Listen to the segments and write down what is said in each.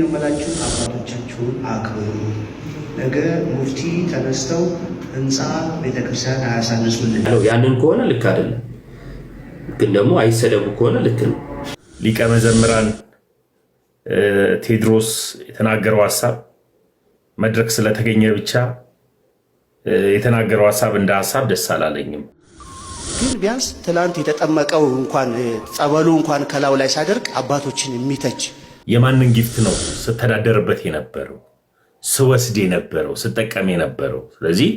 ነው የምላችሁ፣ አባቶቻችሁን አክብሩ። ነገ ሙፍቲ ተነስተው ህንፃ ቤተክርስቲያን አያሳንሱልን። ያንን ከሆነ ልክ አይደለም፣ ግን ደግሞ አይሰደቡ ከሆነ ልክ ነው። ሊቀ መዘምራን ቴድሮስ የተናገረው ሀሳብ መድረክ ስለተገኘ ብቻ የተናገረው ሀሳብ እንደ ሀሳብ ደስ አላለኝም። ግን ቢያንስ ትላንት የተጠመቀው እንኳን ጸበሉ እንኳን ከላው ላይ ሲያደርግ አባቶችን የሚተች የማንን ጊፍት ነው ስተዳደርበት የነበረው ስወስድ የነበረው ስጠቀም የነበረው? ስለዚህ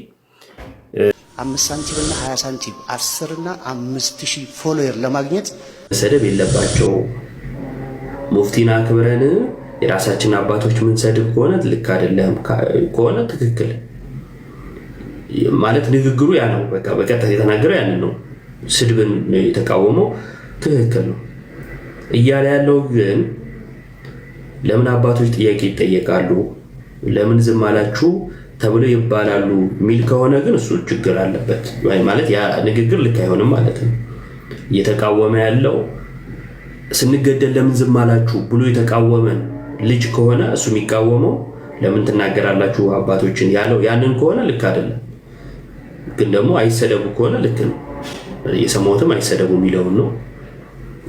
አምስት ሳንቲም እና ሀያ ሳንቲም አስር እና አምስት ሺህ ፎሎየር ለማግኘት መሰደብ የለባቸው። ሙፍቲን አክብረን የራሳችን አባቶች ምንሰድብ ከሆነ ልክ አይደለም፣ ከሆነ ትክክል ማለት ንግግሩ ያ ነው። በቀጥታ የተናገረው ያንን ነው። ስድብን የተቃወመው ትክክል ነው እያለ ያለው ግን ለምን አባቶች ጥያቄ ይጠየቃሉ፣ ለምን ዝም አላችሁ ተብለው ይባላሉ የሚል ከሆነ ግን እሱ ችግር አለበት ማለት ያ ንግግር ልክ አይሆንም ማለት ነው። እየተቃወመ ያለው ስንገደል ለምን ዝም አላችሁ ብሎ የተቃወመን ልጅ ከሆነ እሱ የሚቃወመው ለምን ትናገራላችሁ አባቶችን ያለው ያንን ከሆነ ልክ አይደለም። ግን ደግሞ አይሰደቡ ከሆነ ልክ ነው። የሰማሁትም አይሰደቡ የሚለውን ነው።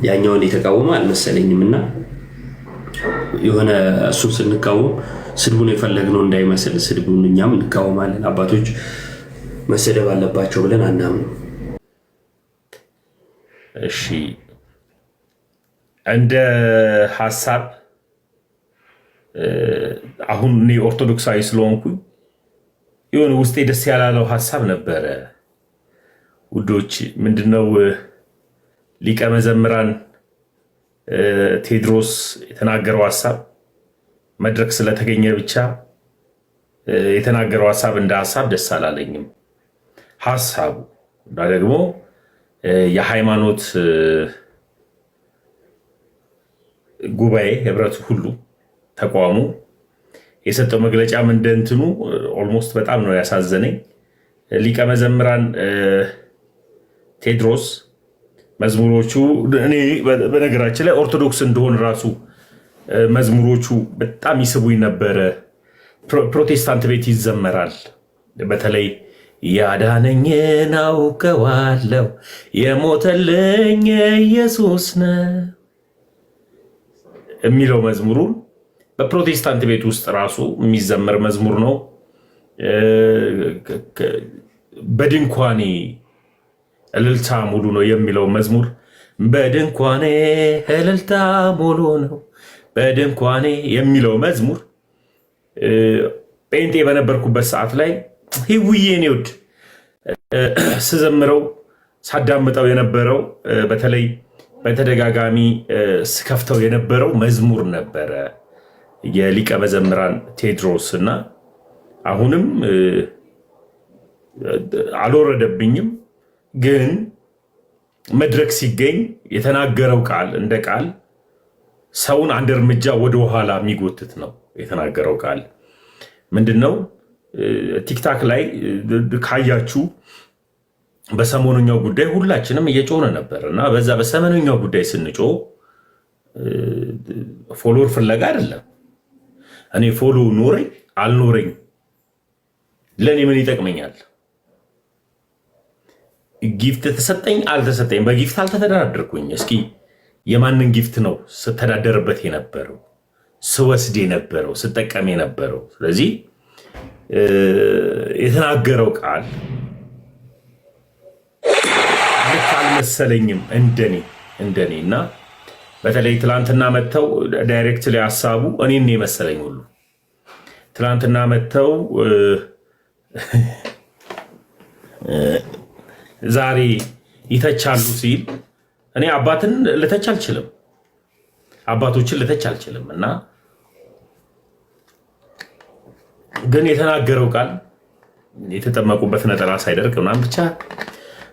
ያኛውን የተቃወመ አልመሰለኝም እና የሆነ እሱን ስንቃወም ስድቡን የፈለግነው እንዳይመስል ስድቡን እኛም እንቃወማለን። አባቶች መሰደብ አለባቸው ብለን አናምንም። እሺ፣ እንደ ሀሳብ አሁን እኔ ኦርቶዶክሳዊ ስለሆንኩኝ የሆነ ውስጤ ደስ ያላለው ሀሳብ ነበረ። ውዶች ምንድነው ሊቀ መዘምራን ቴድሮስ የተናገረው ሀሳብ መድረክ ስለተገኘ ብቻ የተናገረው ሀሳብ እንደ ሀሳብ ደስ አላለኝም። ሀሳቡ እና ደግሞ የሃይማኖት ጉባኤ ህብረቱ ሁሉ ተቋሙ የሰጠው መግለጫ እንደንትኑ ኦልሞስት በጣም ነው ያሳዘነኝ። ሊቀ መዘምራን ቴድሮስ መዝሙሮቹ እኔ በነገራችን ላይ ኦርቶዶክስ እንደሆን ራሱ መዝሙሮቹ በጣም ይስቡኝ ነበረ። ፕሮቴስታንት ቤት ይዘመራል። በተለይ ያዳነኝን አውቀዋለሁ የሞተልኝ ኢየሱስ ነው የሚለው መዝሙሩን በፕሮቴስታንት ቤት ውስጥ ራሱ የሚዘመር መዝሙር ነው። በድንኳኔ እልልታ ሙሉ ነው የሚለው መዝሙር በድንኳኔ እልልታ ሙሉ ነው በድንኳኔ የሚለው መዝሙር ጴንጤ በነበርኩበት ሰዓት ላይ ህውዬን ይወድ ስዘምረው ሳዳምጠው የነበረው በተለይ በተደጋጋሚ ስከፍተው የነበረው መዝሙር ነበረ የሊቀ መዘምራን ቴድሮስ እና አሁንም አልወረደብኝም። ግን መድረክ ሲገኝ የተናገረው ቃል እንደ ቃል ሰውን አንድ እርምጃ ወደ ኋላ የሚጎትት ነው። የተናገረው ቃል ምንድን ነው? ቲክታክ ላይ ካያችሁ በሰሞነኛው ጉዳይ ሁላችንም እየጮነ ነበር እና በዛ በሰሞነኛው ጉዳይ ስንጮ ፎሎር ፍለጋ አይደለም። እኔ ፎሎ ኖረኝ አልኖረኝ ለእኔ ምን ይጠቅመኛል? ጊፍት ተሰጠኝ አልተሰጠኝ፣ በጊፍት አልተተዳደርኩኝ። እስኪ የማንን ጊፍት ነው ስተዳደርበት የነበረው ስወስድ የነበረው ስጠቀም የነበረው? ስለዚህ የተናገረው ቃል ልክ አልመሰለኝም፣ እንደኔ እንደኔ እና በተለይ ትላንትና መጥተው ዳይሬክት ላይ ሀሳቡ እኔን የመሰለኝ ሁሉ ትላንትና መጥተው ዛሬ ይተቻሉ ሲል እኔ አባትን ልተች አልችልም፣ አባቶችን ልተች አልችልም። እና ግን የተናገረው ቃል የተጠመቁበት ነጠላ ሳይደርቅ ምናምን ብቻ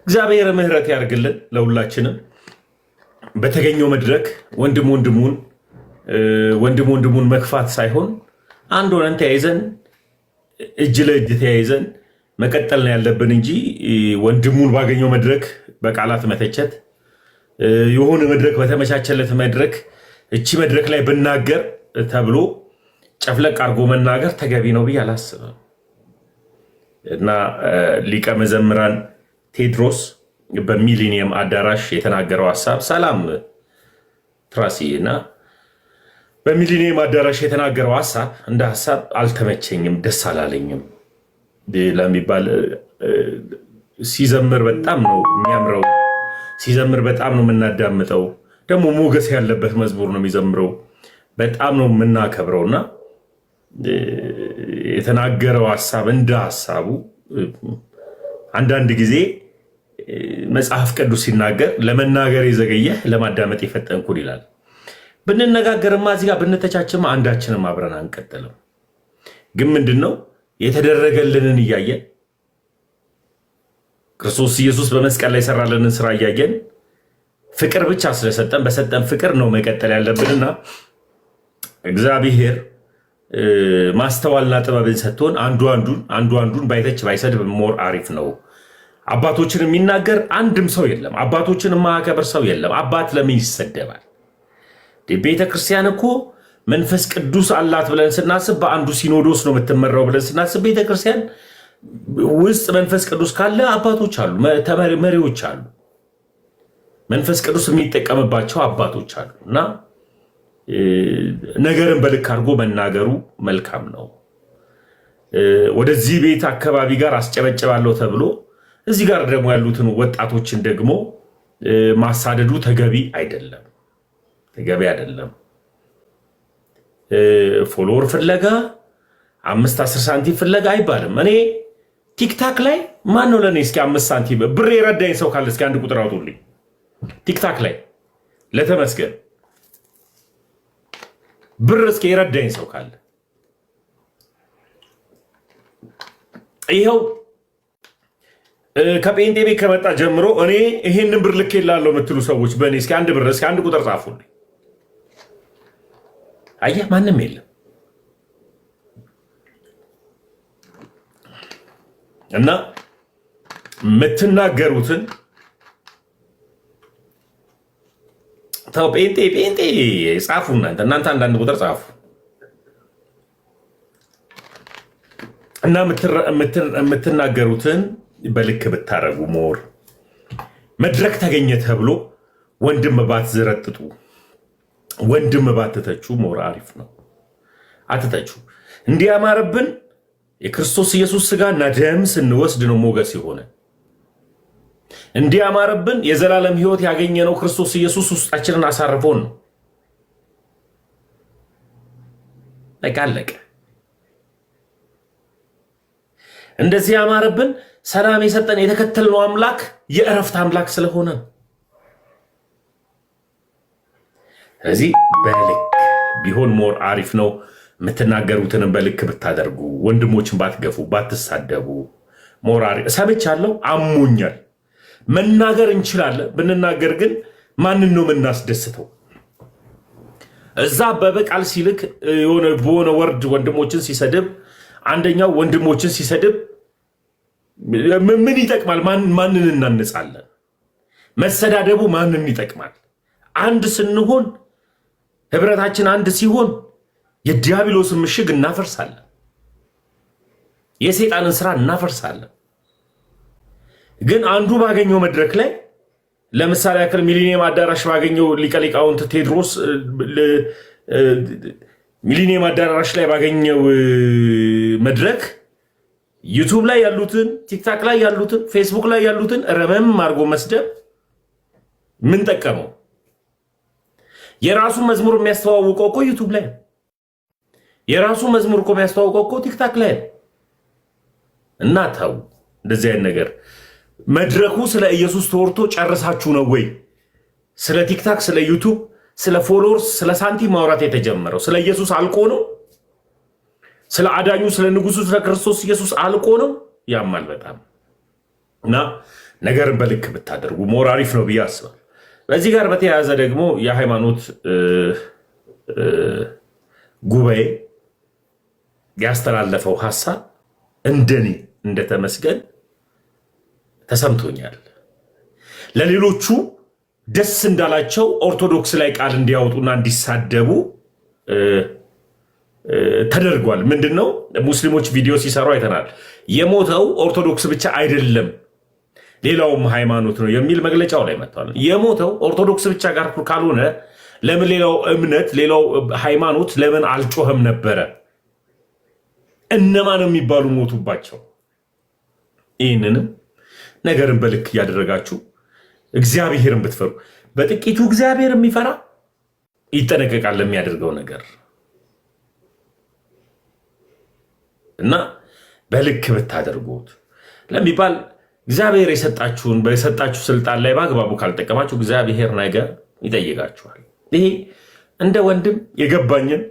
እግዚአብሔር ምሕረት ያድርግልን ለሁላችንም። በተገኘው መድረክ ወንድም ወንድሙን ወንድም ወንድሙን መክፋት ሳይሆን አንድ ሆነን ተያይዘን እጅ ለእጅ ተያይዘን መቀጠል ነው ያለብን እንጂ ወንድሙን ባገኘው መድረክ በቃላት መተቸት የሆነ መድረክ በተመቻቸለት መድረክ እቺ መድረክ ላይ ብናገር ተብሎ ጨፍለቅ አድርጎ መናገር ተገቢ ነው ብዬ አላስብም። እና ሊቀ መዘምራን ቴድሮስ በሚሊኒየም አዳራሽ የተናገረው ሀሳብ ሰላም ትራሲ እና በሚሊኒየም አዳራሽ የተናገረው ሀሳብ እንደ ሀሳብ አልተመቸኝም፣ ደስ አላለኝም። ለሚባል ሲዘምር በጣም ነው የሚያምረው። ሲዘምር በጣም ነው የምናዳምጠው። ደግሞ ሞገስ ያለበት መዝሙር ነው የሚዘምረው። በጣም ነው የምናከብረው እና የተናገረው ሀሳብ እንደ ሀሳቡ አንዳንድ ጊዜ መጽሐፍ ቅዱስ ሲናገር ለመናገር የዘገየ ለማዳመጥ የፈጠንኩን ይላል። ብንነጋገርማ እዚህ ብንተቻችማ አንዳችንም አብረን አንቀጥልም። ግን ምንድን ነው የተደረገልንን እያየን ክርስቶስ ኢየሱስ በመስቀል ላይ የሰራልንን ስራ እያየን ፍቅር ብቻ ስለሰጠን በሰጠን ፍቅር ነው መቀጠል ያለብንና እግዚአብሔር ማስተዋልና ጥበብን ሰጥቶን አንዱ አንዱን አንዱ አንዱን ባይተች ባይሰድብ ሞር አሪፍ ነው። አባቶችን የሚናገር አንድም ሰው የለም። አባቶችን የማያከብር ሰው የለም። አባት ለምን ይሰደባል? ቤተ ክርስቲያን እኮ መንፈስ ቅዱስ አላት ብለን ስናስብ በአንዱ ሲኖዶስ ነው የምትመራው ብለን ስናስብ ቤተክርስቲያን ውስጥ መንፈስ ቅዱስ ካለ አባቶች አሉ፣ መሪዎች አሉ፣ መንፈስ ቅዱስ የሚጠቀምባቸው አባቶች አሉ እና ነገርን በልክ አድርጎ መናገሩ መልካም ነው። ወደዚህ ቤት አካባቢ ጋር አስጨበጭባለሁ ተብሎ እዚህ ጋር ደግሞ ያሉትን ወጣቶችን ደግሞ ማሳደዱ ተገቢ አይደለም፣ ተገቢ አይደለም። ፎሎወር ፍለጋ አምስት አስር ሳንቲም ፍለጋ አይባልም። እኔ ቲክታክ ላይ ማን ነው ለእኔ እስኪ አምስት ሳንቲም ብር የረዳኝ ሰው ካለ እስኪ አንድ ቁጥር አውጡልኝ። ቲክታክ ላይ ለተመስገን ብር እስኪ የረዳኝ ሰው ካለ ይኸው ከጴንጤ ቤት ከመጣ ጀምሮ እኔ ይሄንን ብር ልክ የላለው የምትሉ ሰዎች በእኔ እስኪ አንድ ብር እስኪ አንድ ቁጥር ጻፉልኝ። አየህ፣ ማንም የለም እና የምትናገሩትን ተው። ጴንጤ ጴንጤ ጻፉ እናንተ እናንተ አንዳንድ ቁጥር ጻፉ እና የምትናገሩትን በልክ ብታረጉ ሞር መድረክ ተገኘ ተብሎ ወንድም ባት ወንድም ባትተቹ ሞር አሪፍ ነው። አትተቹ። እንዲያማርብን የክርስቶስ ኢየሱስ ስጋና ደም ስንወስድ ነው ሞገስ የሆነ እንዲያማርብን የዘላለም የዘላለም ያገኘ ያገኘነው ክርስቶስ ኢየሱስ ውስጣችንን አሳርፎን ነው። ለቃለቀ እንደዚህ ያማረብን ሰላም የሰጠን የተከተልነው አምላክ የእረፍት አምላክ ስለሆነ ነው። ስለዚህ በልክ ቢሆን ሞር አሪፍ ነው። የምትናገሩትን በልክ ብታደርጉ፣ ወንድሞችን ባትገፉ፣ ባትሳደቡ ሞር አሪፍ። ሰምቻለሁ፣ አሞኛል። መናገር እንችላለን። ብንናገር ግን ማንን ነው የምናስደስተው? እዛ በበቃል ሲልክ የሆነ በሆነ ወርድ ወንድሞችን ሲሰድብ፣ አንደኛው ወንድሞችን ሲሰድብ ምን ይጠቅማል? ማንን እናነጻለን? መሰዳደቡ ማንን ይጠቅማል? አንድ ስንሆን ህብረታችን አንድ ሲሆን የዲያብሎስን ምሽግ እናፈርሳለን። የሰይጣንን ስራ እናፈርሳለን። ግን አንዱ ባገኘው መድረክ ላይ ለምሳሌ ያክል ሚሊኒየም አዳራሽ ባገኘው ሊቀሊቃውንት ቴድሮስ ሚሊኒየም አዳራሽ ላይ ባገኘው መድረክ ዩቱብ ላይ ያሉትን፣ ቲክታክ ላይ ያሉትን፣ ፌስቡክ ላይ ያሉትን ረመም አድርጎ መስደብ ምን ጠቀመው? የራሱ መዝሙር የሚያስተዋውቀው እኮ ዩቱብ ላይ የራሱ መዝሙር እኮ የሚያስተዋውቀው እኮ ቲክታክ ላይ እና ተው እንደዚህ አይነት ነገር መድረኩ ስለ ኢየሱስ ተወርቶ ጨርሳችሁ ነው ወይ ስለ ቲክታክ ስለ ዩቱብ ስለ ፎሎወርስ ስለ ሳንቲም ማውራት የተጀመረው ስለ ኢየሱስ አልቆ ነው ስለ አዳኙ ስለ ንጉሱ ስለ ክርስቶስ ኢየሱስ አልቆ ነው ያማል በጣም እና ነገርን በልክ ብታደርጉ ሞር አሪፍ ነው ብዬ አስባል በዚህ ጋር በተያያዘ ደግሞ የሃይማኖት ጉባኤ ያስተላለፈው ሀሳብ እንደኔ እንደተመስገን ተሰምቶኛል። ለሌሎቹ ደስ እንዳላቸው ኦርቶዶክስ ላይ ቃል እንዲያወጡና እንዲሳደቡ ተደርጓል። ምንድን ነው ሙስሊሞች ቪዲዮ ሲሰሩ አይተናል። የሞተው ኦርቶዶክስ ብቻ አይደለም ሌላውም ሃይማኖት ነው የሚል መግለጫው ላይ መጥቷል። የሞተው ኦርቶዶክስ ብቻ ጋር ካልሆነ ለምን ሌላው እምነት ሌላው ሃይማኖት ለምን አልጮኸም ነበረ? እነማን የሚባሉ ሞቱባቸው? ይህንንም ነገርን በልክ እያደረጋችሁ እግዚአብሔርን ብትፈሩ በጥቂቱ እግዚአብሔር የሚፈራ ይጠነቀቃል ለሚያደርገው ነገር እና በልክ ብታደርጉት ለሚባል እግዚአብሔር የሰጣችሁን በሰጣችሁ ስልጣን ላይ በአግባቡ ካልጠቀማችሁ እግዚአብሔር ነገር ይጠይቃችኋል። ይሄ እንደ ወንድም የገባኝን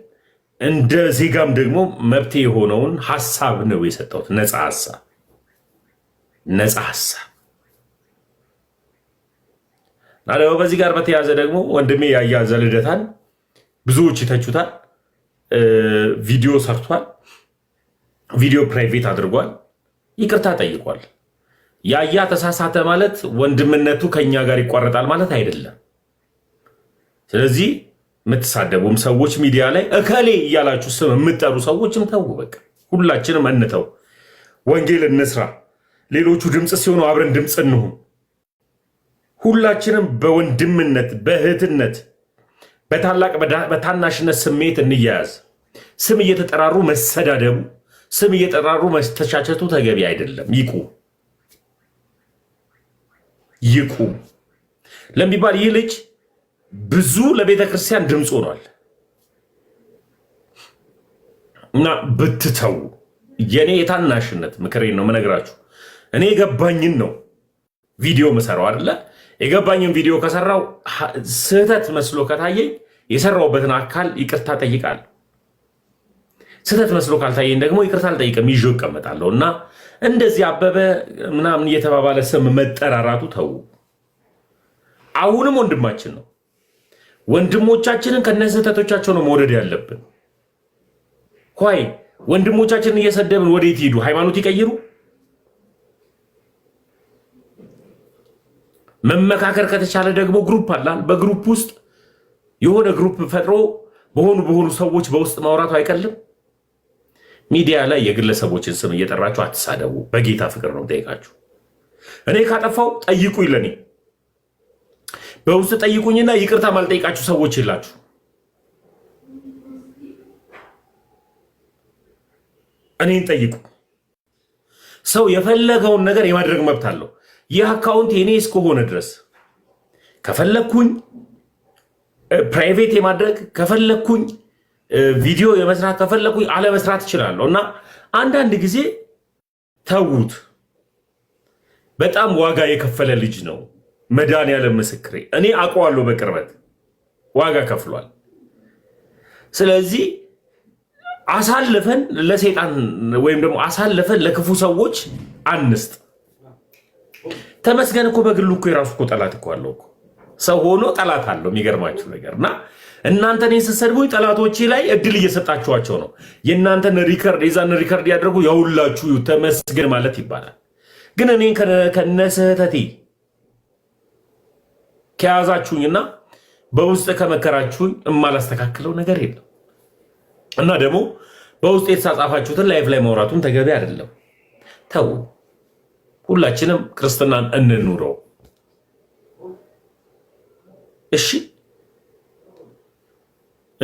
እንደ ዜጋም ደግሞ መብት የሆነውን ሀሳብ ነው የሰጠሁት። ነፃ ሀሳብ ነፃ ሀሳብ ናደው። በዚህ ጋር በተያያዘ ደግሞ ወንድሜ ያያዘ ልደታን ብዙዎች ይተቹታል። ቪዲዮ ሰርቷል። ቪዲዮ ፕራይቬት አድርጓል። ይቅርታ ጠይቋል። ያያ ተሳሳተ ማለት ወንድምነቱ ከኛ ጋር ይቋረጣል ማለት አይደለም። ስለዚህ የምትሳደቡም ሰዎች ሚዲያ ላይ እከሌ እያላችሁ ስም የምጠሩ ሰዎችም ተው፣ በቃ ሁላችንም እንተው፣ ወንጌል እንስራ፣ ሌሎቹ ድምፅ ሲሆኑ አብረን ድምፅ እንሁን። ሁላችንም በወንድምነት በእህትነት፣ በታላቅ በታናሽነት ስሜት እንያያዝ። ስም እየተጠራሩ መሰዳደቡ፣ ስም እየጠራሩ መስተቻቸቱ ተገቢ አይደለም። ይቁ ይቁም ለሚባል ይህ ልጅ ብዙ ለቤተ ክርስቲያን ድምፅ ሆኗል እና ብትተው የእኔ የታናሽነት ምክሬን ነው የምነግራችሁ። እኔ የገባኝን ነው ቪዲዮ ምሰራው አደለ። የገባኝን ቪዲዮ ከሰራው ስህተት መስሎ ከታየኝ የሰራውበትን አካል ይቅርታ ጠይቃለሁ። ስህተት መስሎ ካልታየኝ ደግሞ ይቅርታ አልጠይቅም፣ ይዤው እቀመጣለሁ እና እንደዚህ አበበ ምናምን እየተባባለ ስም መጠራራቱ ተዉ። አሁንም ወንድማችን ነው። ወንድሞቻችንን ከነዚህ ስህተቶቻቸው ነው መውደድ ያለብን። ኳይ ወንድሞቻችንን እየሰደብን ወዴት ይሄዱ? ሃይማኖት ይቀይሩ? መመካከር ከተቻለ ደግሞ ግሩፕ አላል። በግሩፕ ውስጥ የሆነ ግሩፕ ፈጥሮ በሆኑ በሆኑ ሰዎች በውስጥ ማውራቱ አይቀልም። ሚዲያ ላይ የግለሰቦችን ስም እየጠራችሁ አትሳደቡ። በጌታ ፍቅር ነው ጠይቃችሁ። እኔ ካጠፋው ጠይቁ ይለኔ በውስጥ ጠይቁኝና ይቅርታ ማልጠይቃችሁ ሰዎች የላችሁ። እኔን ጠይቁ። ሰው የፈለገውን ነገር የማድረግ መብት አለው። ይህ አካውንት የኔ እስከሆነ ድረስ ከፈለግኩኝ ፕራይቬት የማድረግ ከፈለግኩኝ ቪዲዮ የመስራት ከፈለኩኝ አለመስራት እችላለሁ። እና አንዳንድ ጊዜ ተዉት። በጣም ዋጋ የከፈለ ልጅ ነው መድኃኒዓለም ምስክሬ። እኔ አውቀዋለሁ በቅርበት ዋጋ ከፍሏል። ስለዚህ አሳልፈን ለሰይጣን ወይም ደግሞ አሳልፈን ለክፉ ሰዎች አንስጥ። ተመስገን እኮ በግሉ እኮ የራሱ እኮ ጠላት እኮ አለው። ሰው ሆኖ ጠላት አለው። የሚገርማችሁ ነገር እና እናንተ እኔን ስትሰድቡኝ ጠላቶቼ ላይ እድል እየሰጣችኋቸው ነው። የእናንተን ሪከርድ የዛን ሪከርድ ያደርጉ የሁላችሁ ተመስገን ማለት ይባላል። ግን እኔን ከነስህተቴ ከያዛችሁኝና በውስጥ ከመከራችሁኝ የማላስተካክለው ነገር የለም እና ደግሞ በውስጥ የተጻጻፋችሁትን ላይፍ ላይ ማውራቱን ተገቢ አይደለም። ተው፣ ሁላችንም ክርስትናን እንኑረው እሺ።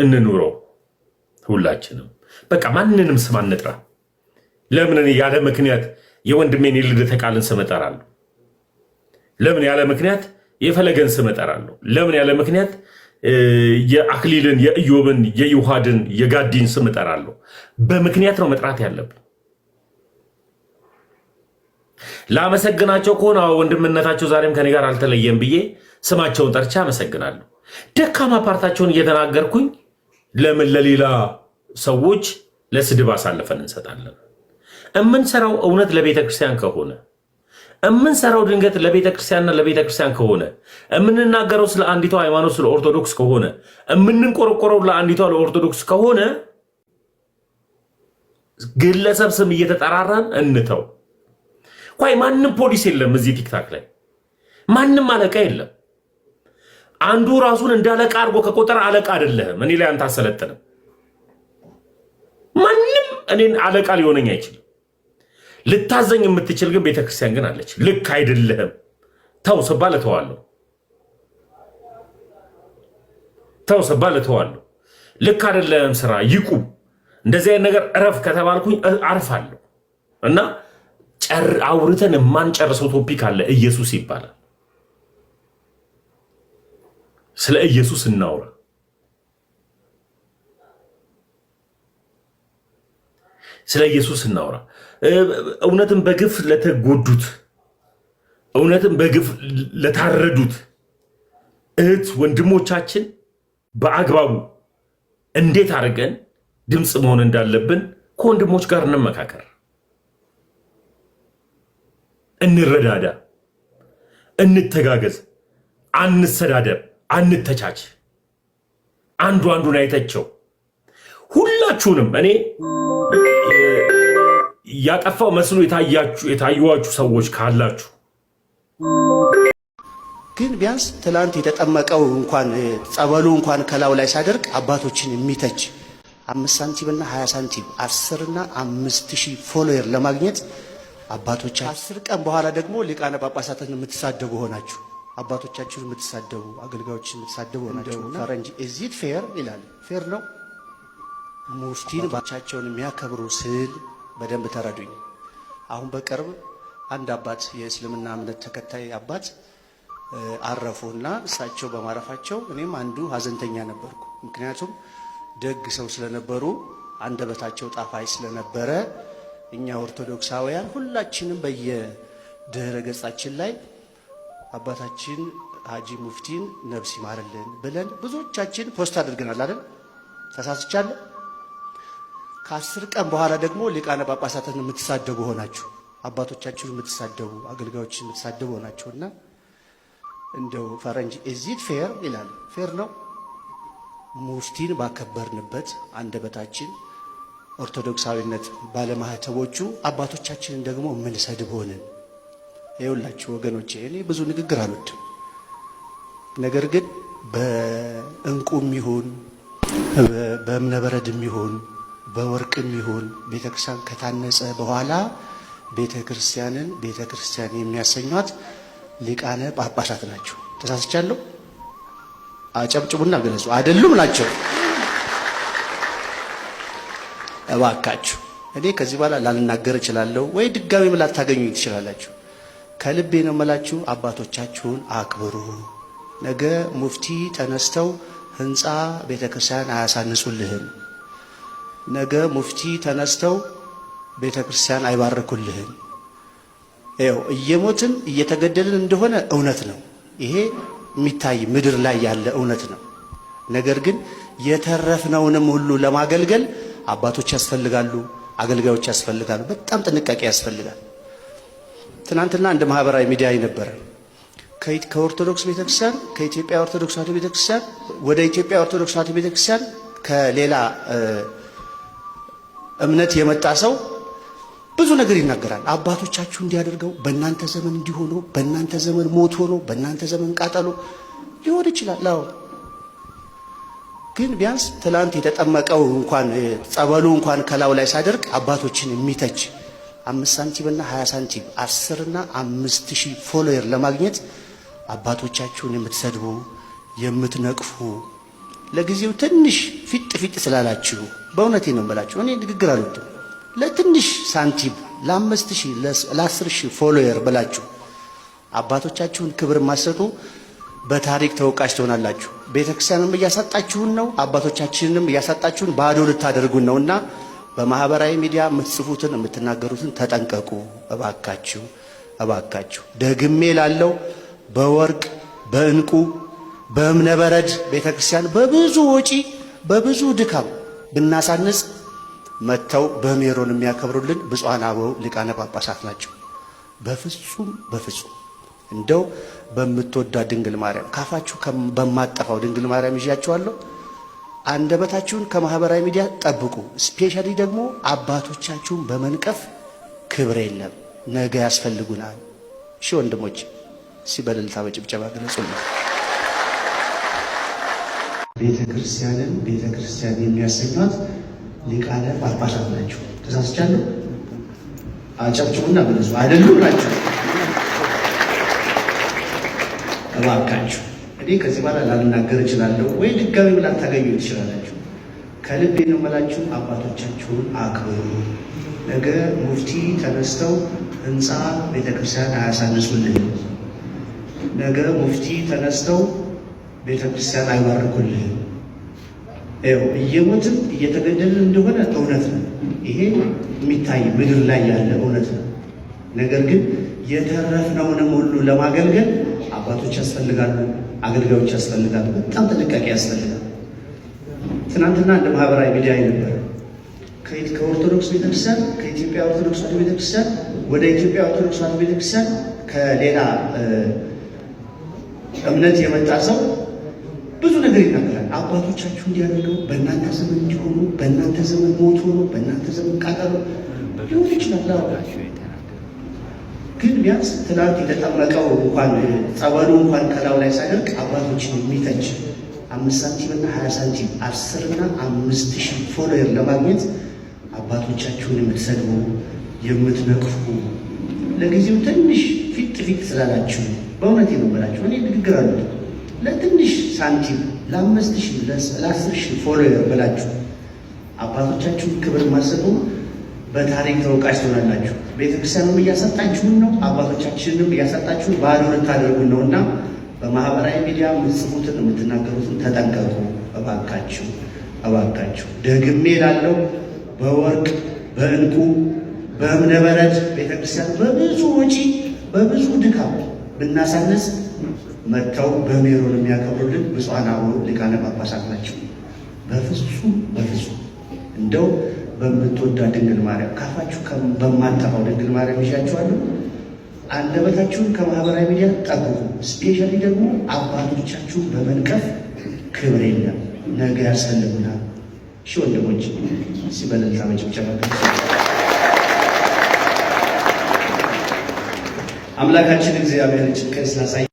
እንኑረው ሁላችንም። በቃ ማንንም ስም አንጥራ። ለምን ያለ ምክንያት የወንድሜን የልደተ ቃልን ስም እጠራለሁ? ለምን ያለ ምክንያት የፈለገን ስም እጠራለሁ? ለምን ያለ ምክንያት የአክሊልን፣ የእዮብን፣ የዩሃድን፣ የጋዲን ስም እጠራለሁ? በምክንያት ነው መጥራት ያለብን። ላመሰግናቸው ከሆነ ወንድምነታቸው ዛሬም ከኔ ጋር አልተለየም ብዬ ስማቸውን ጠርቻ አመሰግናለሁ። ደካማ ፓርታቸውን እየተናገርኩኝ ለምን ለሌላ ሰዎች ለስድብ አሳልፈን እንሰጣለን? እምንሰራው እውነት ለቤተ ክርስቲያን ከሆነ እምንሰራው ድንገት ለቤተ ክርስቲያንና ለቤተ ክርስቲያን ከሆነ እምንናገረው ስለ አንዲቷ ሃይማኖት ስለ ኦርቶዶክስ ከሆነ እምንንቆረቆረው ለአንዲቷ ለኦርቶዶክስ ከሆነ ግለሰብ ስም እየተጠራራን እንተው። ኳይ ማንም ፖሊስ የለም እዚህ ቲክታክ ላይ ማንም አለቃ የለም። አንዱ ራሱን እንደ አለቃ አድርጎ ከቆጠረ አለቃ አይደለህም። እኔ ላይ አንተ አሰለጥንም። ማንም እኔን አለቃ ሊሆነኝ አይችልም። ልታዘኝ የምትችል ግን ቤተክርስቲያን ግን አለች። ልክ አይደለህም ተው ስባል እተዋለሁ፣ ተው ስባል እተዋለሁ። ልክ አይደለህም ስራ ይቁም፣ እንደዚህ አይነት ነገር እረፍ ከተባልኩኝ አርፋለሁ። እና አውርተን የማንጨርሰው ቶፒክ አለ ኢየሱስ ይባላል። ስለ ኢየሱስ እናውራ። ስለ ኢየሱስ እናውራ። እውነትን በግፍ ለተጎዱት፣ እውነትን በግፍ ለታረዱት እህት ወንድሞቻችን በአግባቡ እንዴት አድርገን ድምፅ መሆን እንዳለብን ከወንድሞች ጋር እንመካከር፣ እንረዳዳ፣ እንተጋገዝ፣ አንሰዳደብ። አንተቻች። አንዱ አንዱን አይተቸው። ሁላችሁንም እኔ ያጠፋው መስሎ የታዩዋችሁ ሰዎች ካላችሁ ግን ቢያንስ ትላንት የተጠመቀው እንኳን ጸበሉ እንኳን ከላው ላይ ሳደርግ አባቶችን የሚተች አምስት ሳንቲምና ሀያ ሳንቲም አስርና አምስት ሺህ ፎሎየር ለማግኘት አባቶች አስር ቀን በኋላ ደግሞ ሊቃነ ጳጳሳትን የምትሳደቡ ሆናችሁ አባቶቻችሁን የምትሳደቡ አገልጋዮችን የምትሳደቡ ናቸው ፈረንጅ እዚት ፌር ይላል። ፌር ነው። ሙፍቲን ባቻቸውን የሚያከብሩ ስል በደንብ ተረዱኝ። አሁን በቅርብ አንድ አባት የእስልምና እምነት ተከታይ አባት አረፉና እሳቸው በማረፋቸው እኔም አንዱ ሀዘንተኛ ነበርኩ። ምክንያቱም ደግ ሰው ስለነበሩ አንደበታቸው ጣፋጭ ስለነበረ እኛ ኦርቶዶክሳውያን ሁላችንም በየድህረ ገጻችን ላይ አባታችን ሀጂ ሙፍቲን ነብስ ይማርልን ብለን ብዙዎቻችን ፖስት አድርገናል አይደል? ተሳስቻለሁ። ከአስር ቀን በኋላ ደግሞ ሊቃነ ጳጳሳትን የምትሳደቡ ሆናችሁ አባቶቻችሁን የምትሳደቡ አገልጋዮችን የምትሳደቡ ሆናችሁና እንደው ፈረንጅ እዚት ፌር ይላል። ፌር ነው። ሙፍቲን ባከበርንበት አንደበታችን ኦርቶዶክሳዊነት ባለማህተቦቹ አባቶቻችንን ደግሞ የምንሰድብ ሆንን። ይኸውላችሁ ወገኖቼ እኔ ብዙ ንግግር አልወድም። ነገር ግን በእንቁም ይሁን በእምነበረድም ይሁን በወርቅም ይሁን ቤተክርስቲያን ከታነጸ በኋላ ቤተክርስቲያንን ቤተክርስቲያን የሚያሰኟት ሊቃነ ጳጳሳት ናቸው። ተሳስቻለሁ? አጨብጭቡና ገለጹ። አይደሉም ናቸው። እባካችሁ እኔ ከዚህ በኋላ ላልናገር እችላለሁ ወይ ድጋሚ ላታገኙኝ ትችላላችሁ። ከልቤ ነው መላችሁ፣ አባቶቻችሁን አክብሩ። ነገ ሙፍቲ ተነስተው ህንፃ ቤተ ክርስቲያን አያሳንጹልህም። ነገ ሙፍቲ ተነስተው ቤተ ክርስቲያን አይባርኩልህም። ይኸው እየሞትን እየተገደልን እንደሆነ እውነት ነው። ይሄ የሚታይ ምድር ላይ ያለ እውነት ነው። ነገር ግን የተረፍነውንም ሁሉ ለማገልገል አባቶች ያስፈልጋሉ፣ አገልጋዮች ያስፈልጋሉ። በጣም ጥንቃቄ ያስፈልጋል። ትናንትና እንደ ማህበራዊ ሚዲያ ነበረ። ከኦርቶዶክስ ቤተክርስቲያን ከኢትዮጵያ ኦርቶዶክስ ተዋህዶ ቤተክርስቲያን ወደ ኢትዮጵያ ኦርቶዶክስ ተዋህዶ ቤተክርስቲያን ከሌላ እምነት የመጣ ሰው ብዙ ነገር ይናገራል። አባቶቻችሁ እንዲያደርገው በእናንተ ዘመን እንዲሆኖ በእናንተ ዘመን ሞት ሆኖ በእናንተ ዘመን ቃጠሎ ሊሆን ይችላል። አዎ ግን ቢያንስ ትላንት የተጠመቀው እንኳን ጸበሉ እንኳን ከላው ላይ ሳደርግ አባቶችን የሚተች አምስት ሳንቲም እና ሀያ ሳንቲም አስር እና አምስት ሺህ ፎሎየር ለማግኘት አባቶቻችሁን የምትሰድቡ የምትነቅፉ ለጊዜው ትንሽ ፊጥ ፊጥ ስላላችሁ በእውነቴ ነው የምላችሁ። እኔ ንግግር አልወድም። ለትንሽ ሳንቲም ለአምስት ሺህ ለአስር ሺህ ፎሎየር ብላችሁ አባቶቻችሁን ክብር ማሰጡ በታሪክ ተወቃሽ ትሆናላችሁ። ቤተክርስቲያንም እያሳጣችሁን ነው፣ አባቶቻችንንም እያሳጣችሁን ባዶ ልታደርጉን ነውና በማህበራዊ ሚዲያ የምትጽፉትን የምትናገሩትን ተጠንቀቁ። እባካችሁ እባካችሁ ደግሜ ላለው በወርቅ በእንቁ በእብነበረድ ቤተ ክርስቲያን በብዙ ወጪ በብዙ ድካም ብናሳንጽ መጥተው በሜሮን የሚያከብሩልን ብፁዓን አበው ሊቃነ ጳጳሳት ናቸው። በፍጹም በፍጹም እንደው በምትወዳ ድንግል ማርያም ካፋችሁ በማጠፋው ድንግል ማርያም ይዣችኋለሁ። አንደበታችሁን ከማህበራዊ ሚዲያ ጠብቁ። ስፔሻሊ ደግሞ አባቶቻችሁን በመንቀፍ ክብር የለም፣ ነገ ያስፈልጉናል። እሺ ወንድሞች፣ በልልታ በጭብጨባ ገለጹልኝ። ቤተ ክርስቲያንን ቤተ ክርስቲያን የሚያሰኟት ሊቃነ ጳጳሳት ናቸው። ተሳስቻለሁ? አጨብጭቡና መለሱ። አይደሉም ናቸው። እባካችሁ እኔ ከዚህ በኋላ ላልናገር እችላለሁ ወይ ድጋሚ ላታገኙ ትችላላችሁ። ከልቤ ነው የምላችሁ፣ አባቶቻችሁን አክብሩ። ነገ ሙፍቲ ተነስተው ህንፃ ቤተክርስቲያን ምንል፣ ነገ ሙፍቲ ተነስተው ቤተክርስቲያን አይባርኩልን። እየሞትን እየተገደልን እንደሆነ እውነት ነው። ይሄ የሚታይ ምድር ላይ ያለ እውነት ነው። ነገር ግን የተረፍነውንም ሁሉ ለማገልገል አባቶች ያስፈልጋሉ። አገልጋዮች ያስፈልጋሉ። በጣም ጥንቃቄ ያስፈልጋል። ትናንትና እንደ ማህበራዊ ሚዲያ ነበር ከኦርቶዶክስ ቤተክርስቲያን ከኢትዮጵያ ኦርቶዶክስ ተዋሕዶ ቤተክርስቲያን ወደ ኢትዮጵያ ኦርቶዶክስ ተዋሕዶ ቤተክርስቲያን ከሌላ እምነት የመጣ ሰው ብዙ ነገር ይናገራል። አባቶቻችሁ እንዲያደርገው በእናንተ ዘመን እንዲሆኑ፣ በእናንተ ዘመን ሞት ሆኖ፣ በእናንተ ዘመን ቃጠሎ ሊሆን ይችላል። ግን ቢያንስ ትናንት የተጠመቀው እንኳን ጸበሉ እንኳን ከላው ላይ ሳይደርቅ አባቶችን የሚተች አምስት ሳንቲም እና ሀያ ሳንቲም አስርና አምስት ሺ ፎሎየር ለማግኘት አባቶቻችሁን የምትሰድቡ የምትነቅፉ ለጊዜው ትንሽ ፊት ፊት ስላላችሁ በእውነት ነው እኔ ንግግር አሉት ለትንሽ ሳንቲም ለአምስት ሺ ለአስር ሺ ፎሎየር ብላችሁ አባቶቻችሁን ክብር ማሰቡ በታሪክ ተወቃሽ ትሆናላችሁ። ቤተክርስቲያንም እያሳጣችሁን ነው፣ አባቶቻችንንም እያሳጣችሁን ባዶ ልታደርጉን ነው እና በማህበራዊ ሚዲያ የምትጽፉትን የምትናገሩትን ተጠንቀቁ። እባካችሁ እባካችሁ። ደግሜ ላለው በወርቅ በእንቁ በእብነ ቤተክርስቲያን በብዙ ወጪ በብዙ ድካም ብናሳነስ መጥተው በሜሮን የሚያከብሩልን ብፁዓን ሊቃነ ጳጳሳት ናቸው። በፍጹም በፍጹም እንደው በምትወዳ ድንግል ማርያም ካፋችሁ በማጠፋው ድንግል ማርያም ይዣችኋለሁ። አንደበታችሁን ከማህበራዊ ሚዲያ ጠብቁ። ስፔሻሊ ደግሞ አባቶቻችሁን በመንቀፍ ክብር የለም ነገ ያሰልሙናል። ሺ ወንድሞች ሲበለልታ መጨብጨባ አምላካችን እግዚአብሔር ጭንቀት ስላሳይ